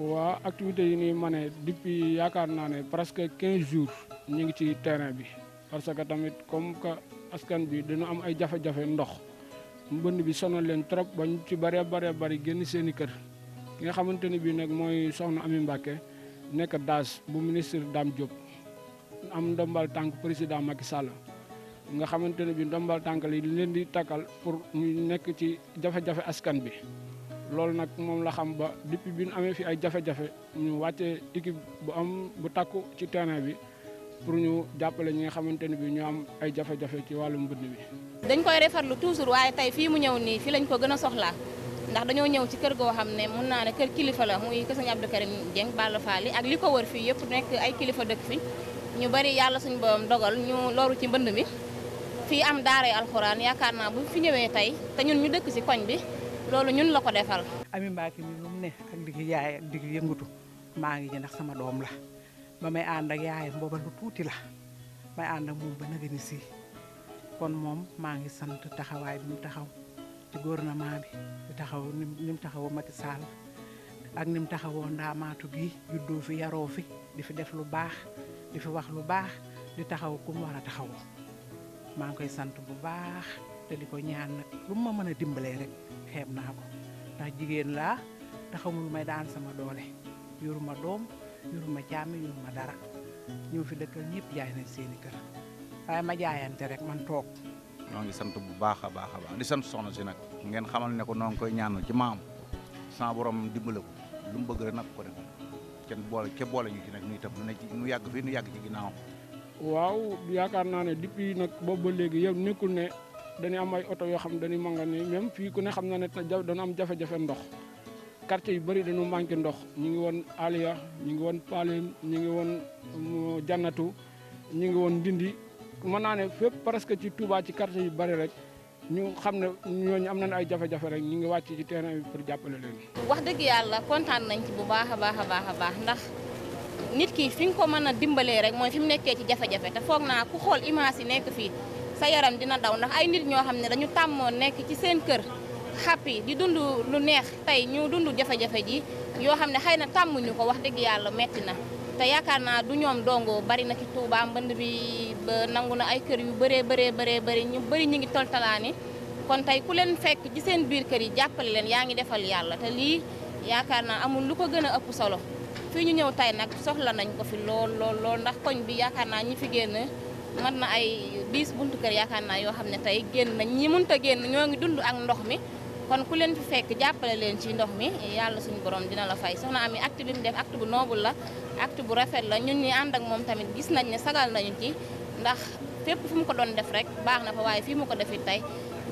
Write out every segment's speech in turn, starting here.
wa activité yi ni mané depuis yakar na né presque 15 jours ñi ngi ci terrain bi parce que tamit comme que askan bi dañu am ay jafé jafé ndox mbënd bi sonal leen trop bañ ci bari bari bari génn seeni kër nga xamanteni bi nak moy soxna Ami mbacké nek daas bu ministre dam Diop am ndombal tank président Macky Sall nga xamanteni bi ndombal tank li leen di takal pour ñu nek ci jafé jafé askan bi. loolu nag moom la xam ba depuis bi ñu amee fi ay jafe-jafe ñu wàccee équipe bu am bu takku ci terrain bi pour ñu jàppale ñi nga xamante ne bi ñu am ay jafe-jafe ci wàllu mbënd bi. dañ koy refarlu toujours waaye tey fii mu ñëw nii fii lañ ko gën a soxlaa ndax dañoo ñëw ci kër goo xam ne mun naa ne kër kilifa la muy kër Sëñ Abdou Karim Dieng Balla Fally ak li ko wër fii yëpp nekk ay kilifa dëkk fi ñu bari yàlla suñu borom dogal ñu loolu ci mbënd mi fii am daaray alxuraan yaakaar naa fi ñëwee tey te ñu dëkk ci koñ bi loolu ñun la ko defal. Ami Mbacké mi lu mu ne ak digg yaay ak digg yëngatu maa ngi ji ndax sama doom la ba may ànd ak yaay booba lu tuuti la may ànd ak moom ba nagani si kon moom maa ngi sant taxawaay bi mu taxaw ci gouvernement bi di taxaw ni mu taxawoo Macky ak ni mu taxawoo ndaamaatu gi juddoo fi yaroo fi di fi def lu baax di fi wax lu baax di taxaw ku mu taxawoo maa ngi koy sant bu baax te di ko ñaan nag lu ma mën a dimbalee rek. xeeb naa ko ndax jigéen laa te xamul may daan sama doole yoruma doom yoruma càmm yoruma dara ñëw fi dëkkal ñëpp jaay nañ seeni kër waaye ma jaayante rek man toog. ñoo ngi sant bu baax a baax a baax di sant soxna si nag ngeen xamal ne ko noo ngi koy ñaanal ci maam sama borom dimbale ko lu mu bëgg rek ko defal kenn boole ca boole ñu ci nag nuy tam nu ne ci nu yàgg fii nu yàgg ci ginnaaw. waaw yaakaar naa ne depuis nag ba léegi yow nekkul ne. dañuy am ay oto yoo xam ne dañuy manga ni même fii ku ne xam na ne dañu am jafe-jafe ndox quartier yu bëri dañu manqué ndox ñu ngi woon Aliya ñu ngi woon Palim ñu ngi woon Jannatu ñu ngi woon Ndindi mën naa ne fépp presque ci Touba ci quartier yu bari rek ñu xam ne ñooñu am na ay jafe-jafe rek ñu ngi wàcc ci terrain bi pour jàppale leen. wax dëgg yàlla kontaan nañ ci bu baax a baax a baax a baax ndax nit ki fi nga ko mën a dimbalee rek mooy fi mu nekkee ci jafe-jafe te foog naa ku xool image yi nekk fii. sa yaram dina daw ndax ay nit ñoo xam ne dañu tàmmoon nekk ci seen kër xàppi di dund lu neex tey ñu dund jafe-jafe ji yoo xam ne xëy na tàmmuñu ko wax dëgg yàlla metti na te yaakaar naa du ñoom dongo bari na ci Touba mbënd bi ba nangu na ay kër yu bëree bëree bëree bëri ñu bëri ñu ngi toltalaani kon tey ku leen fekk ci seen biir kër yi jàppale leen yaa ngi defal yàlla te lii yaakaar naa amul lu ko gën a ëpp solo fii ñu ñëw tey nag soxla nañ ko fi lool lool bi yaakaar naa ñi fi génn mën na ay diis buntu kër yaakaar naa yoo xam ne tey génn nañ ñi mënta génn ñoo ngi dund ak ndox mi kon ku leen fi fekk jàppale leen ci ndox mi yàlla suñu borom dina la fay soxna Ami acte bi mu def acte bu noobul la acte bu rafet la ñu ñi ànd ak moom tamit gis nañ ne sagal nañu ci ndax fépp fu mu ko doon def rek baax na fa waaye fii mu ko defit tey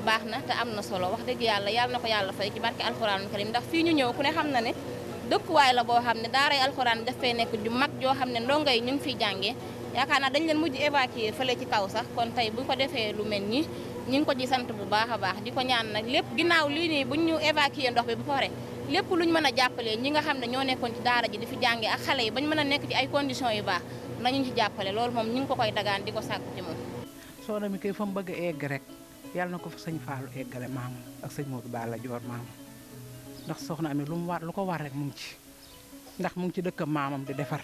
baax na te am na solo wax dëgg yàlla yàlla na ko yàlla fay ci barke alxuraan karim ndax fii ñu ñëw ku ne xam na ne dëkkuwaay la boo xam ne daaray alxuraan daf fay nekk ju mag joo xam ne ndongo yi ñu ngi fiy jàngee yaakaar naa dañ leen mujj évacuer fële ci kaw sax kon tey bu ko defee lu mel nii ñu ngi ko ji sant bu baax a baax di ko ñaan nag lépp ginnaaw lii nii buñ ñu évacuer ndox bi bu pare lépp luñ mën a jàppalee ñi nga xam ne ñoo nekkoon ci daara ji di fi ak xale yi bañ mën a nekk ci ay conditions yu baax nañu ci jàppale loolu moom ñu ngi ko koy dagaan di ko sàkku ci moom soxna mi koy fa mu bëgg a egg rek yàlla na ko fu sëñ Fallou eggale maam ak sëñ Modou Balla Joor maam ndax soxna ami lu mu war lu ko war rek mu ngi ci ndax mu ngi ci dëkk maamam di defar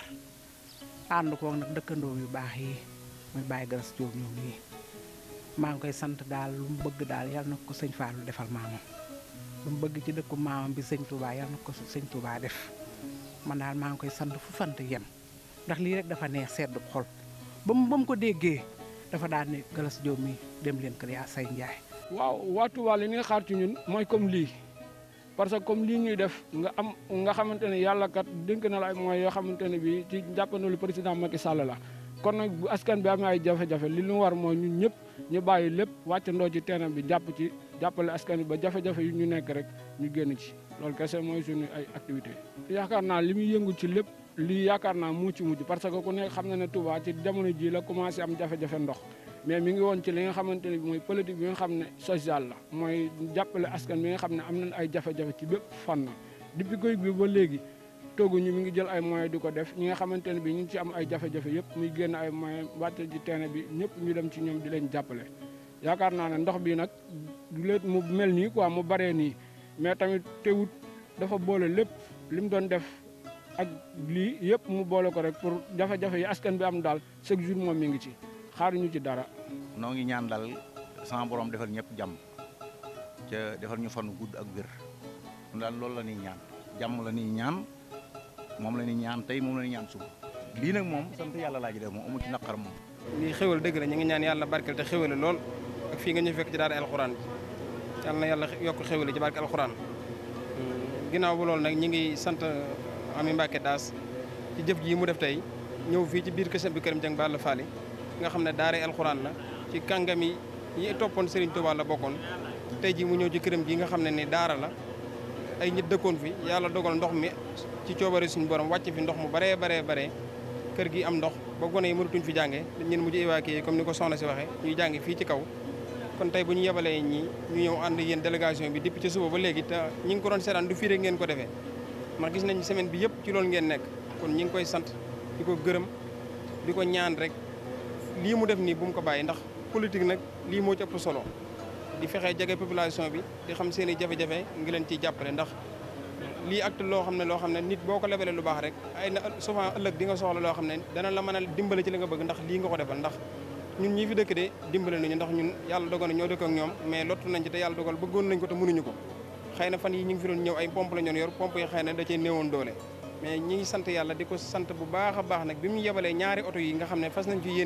ànd koog nag dëkkandoo yu baax yi muy Baye Garas Diop ñoom maa ngi koy sant daal lu mu bëgg daal yal na ko sëñ Fallou defal maamam lu mu bëgg ci dëkku maamam bi sëñ Touba yal na ko sëñ Touba def man daal maa ngi koy sant fu fant yem ndax lii rek dafa neex sedd xol ba mu ba ko déggee dafa daan ne Galas Diop mi dem leen kër yaa say njaay waaw waatu wàll li nga xaar ci ñun mooy comme lii. parce que comme lii ñuy def nga am nga xamante ne yàlla kat dénk na la ay moyens yoo xamante ne bii ci jàppandalu président ma Macky Sall la kon nag askan bi am amee ay jafe-jafe li lu war mooy ñun ñëpp ñu bàyyi lépp wàccandoo ci terrain bi jàpp ci jàppale askan bi ba jafe-jafe yu ñu nekk rek ñu génn ci loolu kese mooy suñu ay activité yaakaar naa li muy yëngu ci lépp lii yaakaar naa moo ci mujj parce que ku nekk xam na ne Touba ci jamono jii la commencé am jafe ndox mais mi ngi woon ci li nga xamante ne bi muy politique bi nga xam ne sociale la mooy jàppale askan bi nga xam ne am nañ ay jafe-jafe ci bépp fànn depuis Covid bi ba léegi tooguñu mi ngi jël ay moyens di ko def ñi nga xamante ne bi ñu ngi ci am ay jafe-jafe yëpp muy génn ay moyens wàcce ci terrain bi ñëpp ñu dem ci ñoom di leen jàppale yaakaar naa ne ndox bii nag léet mu mel nii quoi mu baree nii mais tamit teewut dafa boole lépp li mu doon def ak lii yëpp mu boole ko rek pour jafe yi askan bi am daal chaque jour moom mi ngi ci xaaruñu ci dara Nongi ngi dal sama borom defal ñëpp jam ca defal ñu fanu gudd ak wér ñun daal loolu la ñuy ñaan jàmm la ñuy ñaan moom la ñuy ñaan tey moom la ñuy ñaan suba lii nag moom sant yàlla laa ji def moom amu ci naqar moom lii xéwal dëgg la ñu ñaan barkel te xéwale lool ak fi nga ñu fekk ci daara alxuraan bi na yàlla yokk xéwale ci barkel alxuraan hmm, ginnaaw bu loolu nag ñi ngi sant ami Mbacké das ci jëf ji mu def tey ñëw fi ci biir kësam bi Balla Faali nga xamne daara alquran la ci kàngami yi toppoon Serigne Touba la bokkoon tey ji mu ñëw ci këram gi nga xam ne ni daara la ay nit dëkkoon fi yàlla dogal ndox mi ci coobare suñu borom wàcc fi ndox mu baree baree baree kër gi am ndox ba gone yi mënatuñ fi jànge ñun mujj évacué comme ni ko soxna si waxee ñuy jàngi fii ci kaw kon tey bu ñu yebalee ñi ñu ñëw ànd yéen délégation bi depuis ci suba ba léegi te ñi ngi ko doon seetaan du fii ngeen ko defee man gis nañ semaine bi yëpp ci loolu ngeen nekk kon ñi ngi koy sant di ko gërëm di ko ñaan rek lii mu def nii bu mu ko bàyyi ndax politique nag lii moo ci ëpp solo di fexe jege population bi di xam seen i jafe-jafe ngi leen ciy jàppale ndax lii acte loo xam ne loo xam ne nit boo ko lebalee lu baax rek ay na souvent ëllëg di nga soxla loo xam ne dana la mën a dimbale ci li nga bëgg ndax lii nga ko defal ndax ñun ñii fi dëkk de dimbale nañu ndax ñun yàlla dogal na ñoo dëkk ñoom mais lottu nañ ci te yàlla dogal bëggoon nañ ko te mënuñu ko xëy na fan yi ñu ngi fi doon ñëw ay pompe la ño yor pompe yi xëy na sant yàlla di ko sant bu baax a baax nag bi mu yebalee ñaari oto yi nga xam ne fas nañ ci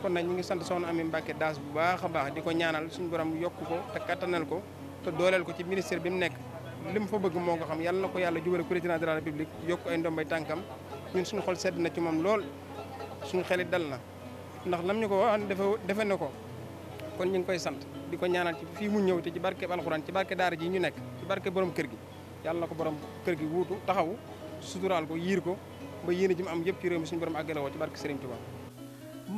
kon nag ñu ngi sant soxna Amy Mbacke daas bu baax a baax di ko ñaanal suñu borom yokk ko te kattanal ko te dooleel ko ci ministère bi mu nekk li mu fa bëgg moo ko xam yàlla na ko yàlla jubale président de la république yokk ay ndombay tànkam ñun suñu xol sedd na ci moom lool suñu xelit dal na ndax lam ñu ko wax dafa defe ne ko kon ñu ngi koy sant di ko ñaanal ci fii mu ñëw te ci barke alxuraan ci barke daara ji ñu nekk ci barke borom kër gi yàlla ko borom kër gi wuutu taxawu suturaal ko yiir ko ba yéene ji mu am yëpp ci réew mi suñu borom àggale woo ci barke Serigne Touba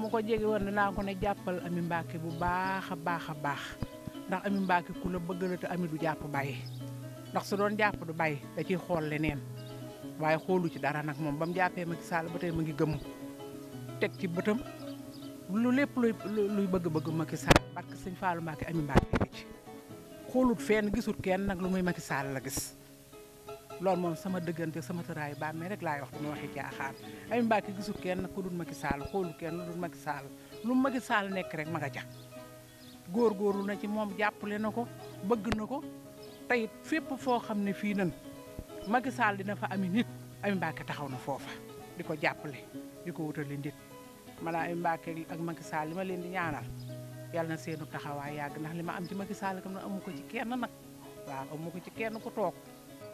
bu ko jege woon dinaa ko ne jàppal ami Mbacke bu baax a baax a baax ndax ami Mbacke ku la bëgg la te ami du jàpp bàyyi ndax su doon jàpp du bàyyi da ciy xool leneen waaye xoolu ci dara nag moom ba mu jàppee Macky saal ba tey ma ngi gëmm teg ci bëtam lu lépp luy luy bëgg-bëgg Macky Sall barke sëñ Fallou Mbacke ami Mbacke ci xoolut fenn gisul kenn nag lu muy Macky saal la gis. lool moom sama dëggante sama tëraayu baam mais rek laay wax dama waxi jaaxaan Amy Mbacké gisul kenn ku dul Macky Sall xoolu kenn lu dul Macky lu Macky Sall nekk rek ma nga ja góorgóorlu na ci moom jàppale na ko bëgg na ko tey fépp foo xam ne fii nan Macky Sall dina fa ami nit Amy Mbacké taxaw na foofa di ko jàppale di ko wutali nit maanaam Amy Mbacké ak Macky Sall li ma leen di ñaanal yàlla na seenu taxawaay yàgg ndax li ma am ci Macky Sall kam na amu ko ci kenn nag waaw amu ci kenn ku toog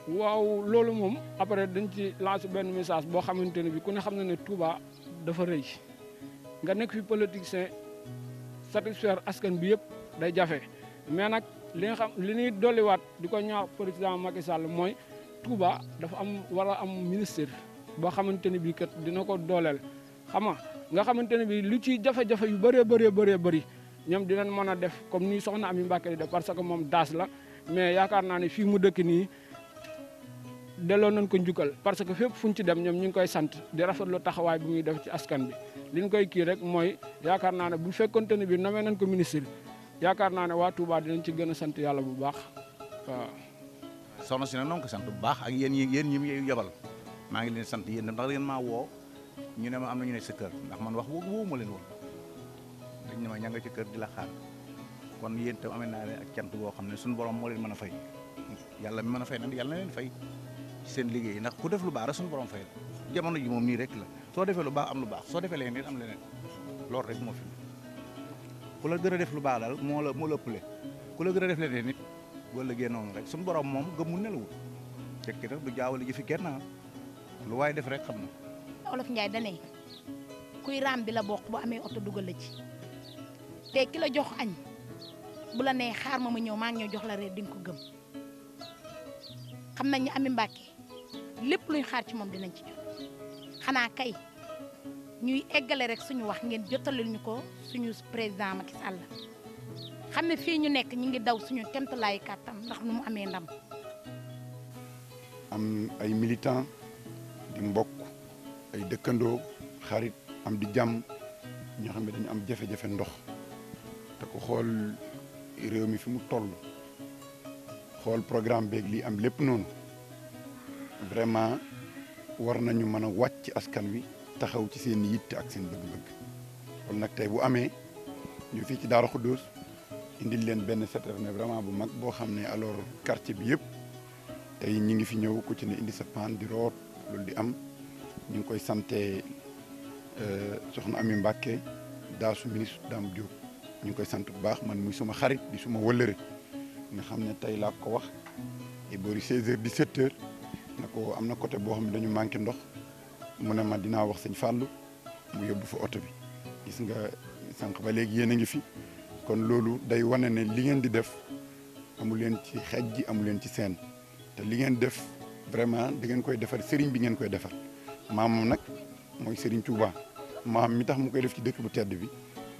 waaw loolu moom après dañ ci lancer benn message boo xamante ne bi ku ne xam na ne Touba dafa rëy nga nekk fi politicien satisfaire askan bi yëpp day jafe mais nag li nga xam li ñuy dolliwaat di ko ñaax président Macky Sall mooy Touba dafa am wala am ministère boo xamante ne bii kat dina ko dooleel xam nga nga xamante ne lu ci jafe-jafe yu bëree bëree bëree bëri ñoom dinañ mën def comme ni soxna Ami Mbacke di def parce que moom daas la mais yaakaar naa ne mu dëkk nii delo nañ ko njukal parce que fepp fuñ ci dem ñom ñu ngi koy sant di lo taxaway bu muy def ci askan bi liñ koy ki rek moy yaakar naa ne bu fekkonté ni bi nomé nañ ko ministre yaakar naa ne Touba dinañ ci gëna sante yalla bu baax wa soxna si non ko sante bu baax ak yeen yeen ñi mu yebal ma ngi leen sante yeen ndax yéen ma wo ñu ne ma am ñu ne sa kër ndax man wax wo mo leen woon dañ ne ma ñanga ci kër di la xaar kon yeen tam amé naa ak cant boo xam suñu borom mo leen mëna fay yalla mi mëna fay nan yalla leen fay seen liggéey ndax ku def lu baax rek suñu borom fay la jamono ji moom nii rek la soo defee lu baax am lu baax soo defee leneen am leneen loolu rek moo fi ku la def lu baax daal moo la moo ku la gën a def leneen boo wala noonu rek suñu borom moom gëmul ne la wut tekki nag du jaawale ji fi kenn ah. lu waaye def rek xam na. Olof Ndiaye kuy raam bi la bokk bu amee oto dugal la te ki jox añ bu la nee xaar ma ma ñëw maa ngi jox la reer di nga ko gëm xam nañ ne Amy lépp luñ xaar ci moom dinañ ci jot xanaa kay ñuy eggale rek suñu wax ngeen jotalil ñu ko suñu président Macky Sall xam ne fii ñu nekk ñu ngi daw suñu kemtalaayu kàttan ndax nu mu amee ndam. am ay militant di mbokk ay dëkkandoo xarit am di jàmm ñoo xam ne dañu am jafe-jafe ndox te ko xool réew mi fi mu toll xool programme beeg lii am lépp noonu. vraiment war nañu mën a wàcc askan wi taxaw ci seen yitte ak seen bëgg-bëgg loolu nag tey bu amee ñu fii ci Darou Khoudoss indil leen benn citerne vraiment bu mag boo xam ne alors quartier bi yëpp tey ñi ngi fi ñëw ku ci ne indi sa paan di root loolu di am ñu ngi koy sante euh, soxna Ami Mbacke su ministre Dame Diop ñu ngi koy sant bu baax man muy suma xarit di suma wëllëre nga xam ne tey laa ko wax et boori 16 heures 17 heures na ko am na côté boo xam ne dañu manqué ndox mu ne ma dinaa wax sëñ Fallou mu yóbbu fa oto bi gis nga sànq ba léegi yéen a ngi fi kon loolu day wane ne li ngeen di def amu leen ci xej ji amu leen ci seen te li ngeen def vraiment da ngeen koy defar sëriñ bi ngeen koy defar maamam nag mooy sëriñ Touba maam mi tax mu koy def ci dëkk bu tedd bi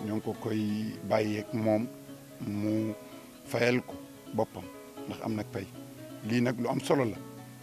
ñoo ngi ko koy bàyyeek moom mu fayal ko boppam ndax am nag pay lii nag lu am solo la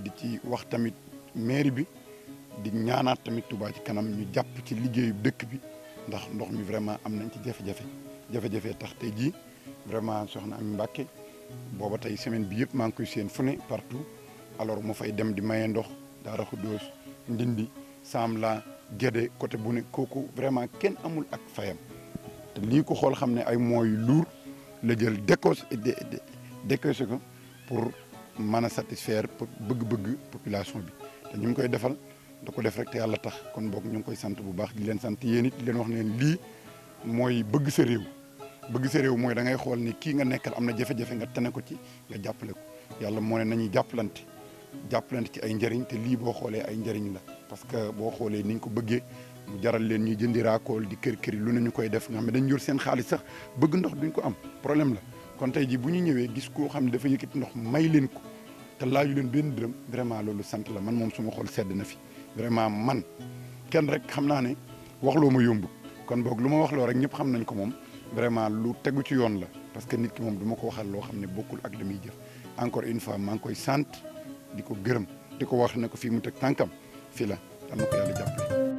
di ci wax tamit maire bi di ñaanaat tamit Touba ci kanam ñu japp ci liggéeyu dëkk bi ndax ndox mi vraiment am nañ ci jafe-jafe jafe-jafe tax tey jii vraiment soxna am Mbacké booba tey semaine bi yëpp maa ngi koy seen fune partout alors mu fay dem di maye ndox Daara Xuddoos Ndindi Samla Gédé côté bu ne kooku vraiment kenn amul ak fayam te lii ko xool xam ne ay moyens luur la jël décos décoché ko pour mën a satisfaire bëgg-bëgg population bi te ñu ngi koy defal da ko def rek te yàlla tax kon boog ñu ngi koy sant bu baax di leen sant yéen it di leen wax neen lii mooy bëgg sa réew bëgg sa réew mooy da ngay xool ni kii nga nekkal am na jafe-jafe nga tene ko ci nga jàppale ko yàlla moo ne nañuy jàppalante jàppalante ci ay njëriñ te lii boo xoolee ay njëriñ la parce que boo xoolee ni ñu ko bëggee mu jaral leen ñu jëndi raakool di kër kër yi lu ne ñu koy def nga xam ne yor seen xaalis sax bëgg ndox duñ ko am problème la kon tey bu ñu ñëwee gis koo xam ne dafa yëkkati ndox may leen ko te laaju leen benn dërëm vraiment loolu sant la man moom suma xol sedd na fi vraiment man kenn rek xam naa ne wax loo ma yomb kon boog lu ma wax loo rek ñëpp xam nañ ko moom vraiment lu tegu ci yoon la parce que nit ki moom du ma ko waxal loo xam ne bokkul ak li muy jëf encore une fois maa ngi koy sant di ko gërëm di ko wax ne ko fii mu teg tànkam fii la am na ko yàlla